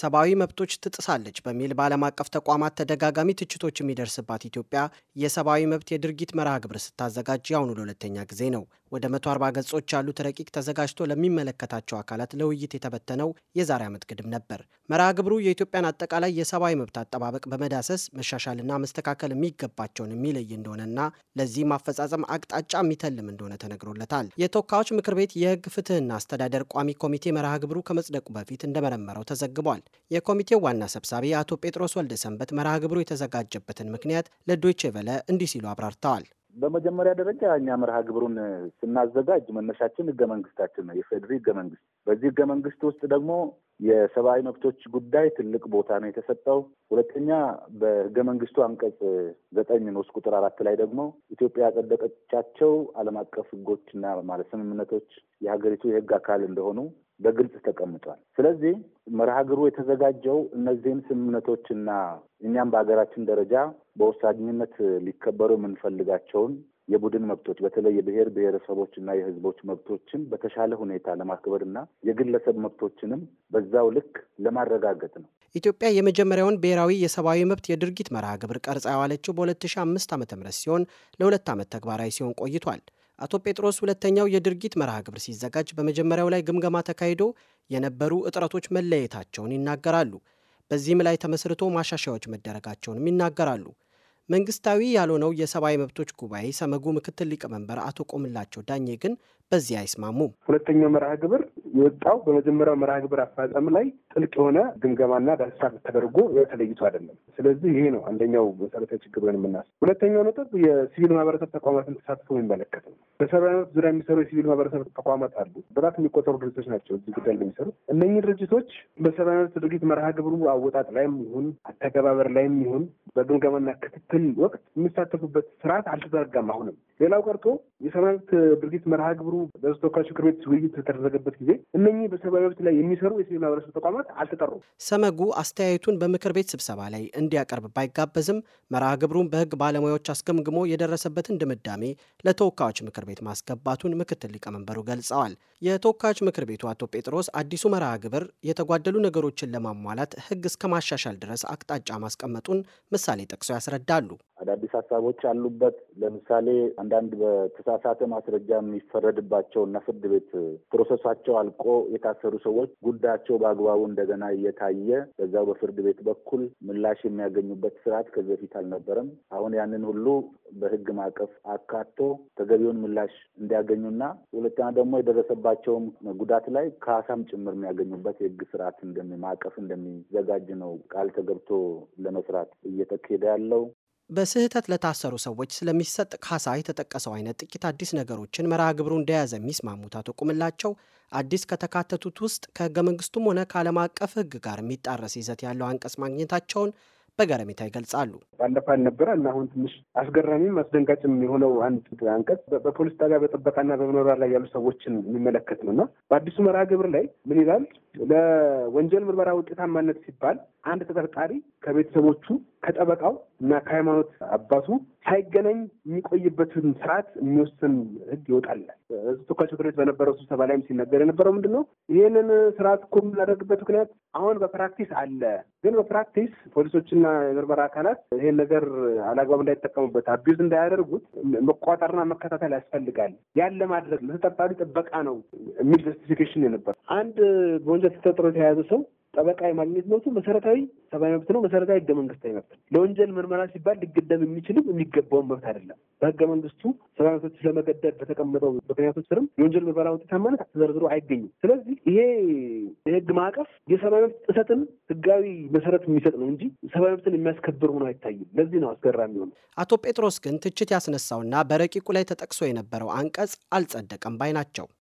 ሰብአዊ መብቶች ትጥሳለች በሚል በዓለም አቀፍ ተቋማት ተደጋጋሚ ትችቶች የሚደርስባት ኢትዮጵያ የሰብአዊ መብት የድርጊት መርሃ ግብር ስታዘጋጅ የአሁኑ ለሁለተኛ ጊዜ ነው። ወደ 140 ገጾች ያሉት ረቂቅ ተዘጋጅቶ ለሚመለከታቸው አካላት ለውይይት የተበተነው የዛሬ ዓመት ግድም ነበር። መርሃ ግብሩ የኢትዮጵያን አጠቃላይ የሰብአዊ መብት አጠባበቅ በመዳሰስ መሻሻልና መስተካከል የሚገባቸውን የሚለይ እንደሆነና ለዚህም አፈጻጸም አቅጣጫ የሚተልም እንደሆነ ተነግሮለታል። የተወካዮች ምክር ቤት የህግ ፍትህና አስተዳደር ቋሚ ኮሚቴ መርሃ ግብሩ ከመጽደቁ በፊት እንደመረመረው ተዘግቧል። ገልጸዋል። የኮሚቴው ዋና ሰብሳቢ አቶ ጴጥሮስ ወልደ ሰንበት መርሃ ግብሩ የተዘጋጀበትን ምክንያት ለዶይቼ ቬለ እንዲህ ሲሉ አብራርተዋል። በመጀመሪያ ደረጃ እኛ መርሃ ግብሩን ስናዘጋጅ መነሻችን ህገ መንግስታችን ነው፣ የፌዴሪ ህገ መንግስት። በዚህ ህገ መንግስት ውስጥ ደግሞ የሰብአዊ መብቶች ጉዳይ ትልቅ ቦታ ነው የተሰጠው። ሁለተኛ በህገ መንግስቱ አንቀጽ ዘጠኝ ንዑስ ቁጥር አራት ላይ ደግሞ ኢትዮጵያ ያጸደቀቻቸው ዓለም አቀፍ ህጎችና ማለት ስምምነቶች የሀገሪቱ የህግ አካል እንደሆኑ በግልጽ ተቀምጧል። ስለዚህ መርሃ ግብሩ የተዘጋጀው እነዚህም ስምምነቶችና እኛም በሀገራችን ደረጃ በወሳኝነት ሊከበሩ የምንፈልጋቸውን የቡድን መብቶች በተለይ የብሔር ብሔረሰቦች እና የሕዝቦች መብቶችን በተሻለ ሁኔታ ለማክበር እና የግለሰብ መብቶችንም በዛው ልክ ለማረጋገጥ ነው። ኢትዮጵያ የመጀመሪያውን ብሔራዊ የሰብአዊ መብት የድርጊት መርሃ ግብር ቀርጻ ያዋለችው በ2005 ዓ ም ሲሆን ለሁለት ዓመት ተግባራዊ ሲሆን ቆይቷል። አቶ ጴጥሮስ ሁለተኛው የድርጊት መርሃ ግብር ሲዘጋጅ በመጀመሪያው ላይ ግምገማ ተካሂዶ የነበሩ እጥረቶች መለየታቸውን ይናገራሉ። በዚህም ላይ ተመስርቶ ማሻሻያዎች መደረጋቸውንም ይናገራሉ። መንግስታዊ ያልሆነው የሰብአዊ መብቶች ጉባኤ ሰመጉ ምክትል ሊቀመንበር አቶ ቆምላቸው ዳኜ ግን በዚህ አይስማሙም። ሁለተኛው መርሃ ግብር የወጣው በመጀመሪያው መርሃ ግብር አፈጻጸም ላይ ጥልቅ የሆነ ግምገማና ዳሰሳ ተደርጎ ተለይቶ አይደለም። ስለዚህ ይሄ ነው አንደኛው መሰረታዊ ችግር ብለን የምናስብ። ሁለተኛው ነጥብ የሲቪል ማህበረሰብ ተቋማትን ተሳትፎ የሚመለከት ነው። በሰብአዊ መብት ዙሪያ የሚሰሩ የሲቪል ማህበረሰብ ተቋማት አሉ። በጣት የሚቆጠሩ ድርጅቶች ናቸው እዚህ ጉዳይ የሚሰሩት። እነኚህ ድርጅቶች በሰብአዊ መብት ድርጊት መርሃ ግብሩ አወጣጥ ላይም ይሁን አተገባበር ላይም ይሁን በግምገማና ክትትል ወቅት የሚሳተፉበት ስርዓት አልተዘረጋም። አሁንም ሌላው ቀርቶ የሰብአዊ መብት ድርጊት መርሃ ግብሩ በተወካዮች ተወካዮች ምክር ቤት ውይይት በተደረገበት ጊዜ እነኚህ በሰብአዊ መብት ላይ የሚሰሩ የሲቪል ማህበረሰብ ተቋማት አልተጠሩም። ሰመጉ አስተያየቱን በምክር ቤት ስብሰባ ላይ እንዲያቀርብ ባይጋበዝም መርሃ ግብሩን በህግ ባለሙያዎች አስገምግሞ የደረሰበትን ድምዳሜ ለተወካዮች ምክር ቤት ማስገባቱን ምክትል ሊቀመንበሩ ገልጸዋል። የተወካዮች ምክር ቤቱ አቶ ጴጥሮስ አዲሱ መርሃ ግብር የተጓደሉ ነገሮችን ለማሟላት ህግ እስከ ማሻሻል ድረስ አቅጣጫ ማስቀመጡን ምሳሌ ጠቅሰው ያስረዳሉ። አዳዲስ ሀሳቦች አሉበት። ለምሳሌ አንዳንድ በተሳሳተ ማስረጃ የሚፈረድባቸው እና ፍርድ ቤት ፕሮሰሳቸው አልቆ የታሰሩ ሰዎች ጉዳያቸው በአግባቡ እንደገና እየታየ በዛው በፍርድ ቤት በኩል ምላሽ የሚያገኙበት ስርዓት ከዚህ በፊት አልነበረም። አሁን ያንን ሁሉ በህግ ማዕቀፍ አካቶ ተገቢውን ምላሽ እንዲያገኙና ሁለተኛ ደግሞ የደረሰባቸውም ጉዳት ላይ ከሀሳም ጭምር የሚያገኙበት የህግ ስርዓት እንደሚ ማዕቀፍ እንደሚዘጋጅ ነው ቃል ተገብቶ ለመስራት እየተካሄደ ያለው። በስህተት ለታሰሩ ሰዎች ስለሚሰጥ ካሳ የተጠቀሰው አይነት ጥቂት አዲስ ነገሮችን መርሃ ግብሩ እንደያዘ የሚስማሙት አቶ ቁምላቸው አዲስ ከተካተቱት ውስጥ ከህገ መንግስቱም ሆነ ከዓለም አቀፍ ህግ ጋር የሚጣረስ ይዘት ያለው አንቀጽ ማግኘታቸውን በገረሜታ ይገልጻሉ። ባለፈው አልነበረም። አሁን ትንሽ አስገራሚም አስደንጋጭም የሆነው አንድ አንቀጽ በፖሊስ ጣቢያ በጥበቃና በመኖሪያ ላይ ያሉ ሰዎችን የሚመለከት ነው እና በአዲሱ መርሃ ግብር ላይ ምን ይላል? ለወንጀል ምርመራ ውጤታማነት ሲባል አንድ ተጠርጣሪ ከቤተሰቦቹ ከጠበቃው እና ከሃይማኖት አባቱ ሳይገናኝ የሚቆይበትን ስርዓት የሚወስን ህግ ይወጣል። ሕዝብ ተወካዮች ምክር ቤት በነበረው ስብሰባ ላይም ሲነገር የነበረው ምንድን ነው? ይህንን ስርዓት እኮ የምናደርግበት ምክንያት አሁን በፕራክቲስ አለ፣ ግን በፕራክቲስ ፖሊሶችና የምርመራ አካላት ይሄን ነገር አላግባብ እንዳይጠቀሙበት፣ አቢዩዝ እንዳያደርጉት መቆጣጠርና መከታተል ያስፈልጋል። ያን ለማድረግ ለተጠርጣሪ ጥበቃ ነው የሚል ጀስቲፊኬሽን የነበር አንድ በወንጀል ተጥሮ የተያዘ ሰው ጠበቃ የማግኘት መብቱ መሰረታዊ ሰብአዊ መብት ነው። መሰረታዊ ህገ መንግስታዊ መብት ነው። ለወንጀል ምርመራ ሲባል ሊገደብ የሚችልም የሚገባውን መብት አይደለም። በህገ መንግስቱ ሰብአዊ መብቶች ለመገደብ በተቀመጠው ምክንያቶች ስርም የወንጀል ምርመራ ውጤታማነት ተዘርዝሮ አይገኝም። ስለዚህ ይሄ የህግ ማዕቀፍ የሰብአዊ መብት ጥሰትን ህጋዊ መሰረት የሚሰጥ ነው እንጂ ሰብአዊ መብትን የሚያስከብር ሆኖ አይታይም። ለዚህ ነው አስገራሚ ሆነ። አቶ ጴጥሮስ ግን ትችት ያስነሳውና በረቂቁ ላይ ተጠቅሶ የነበረው አንቀጽ አልጸደቀም ባይ ናቸው።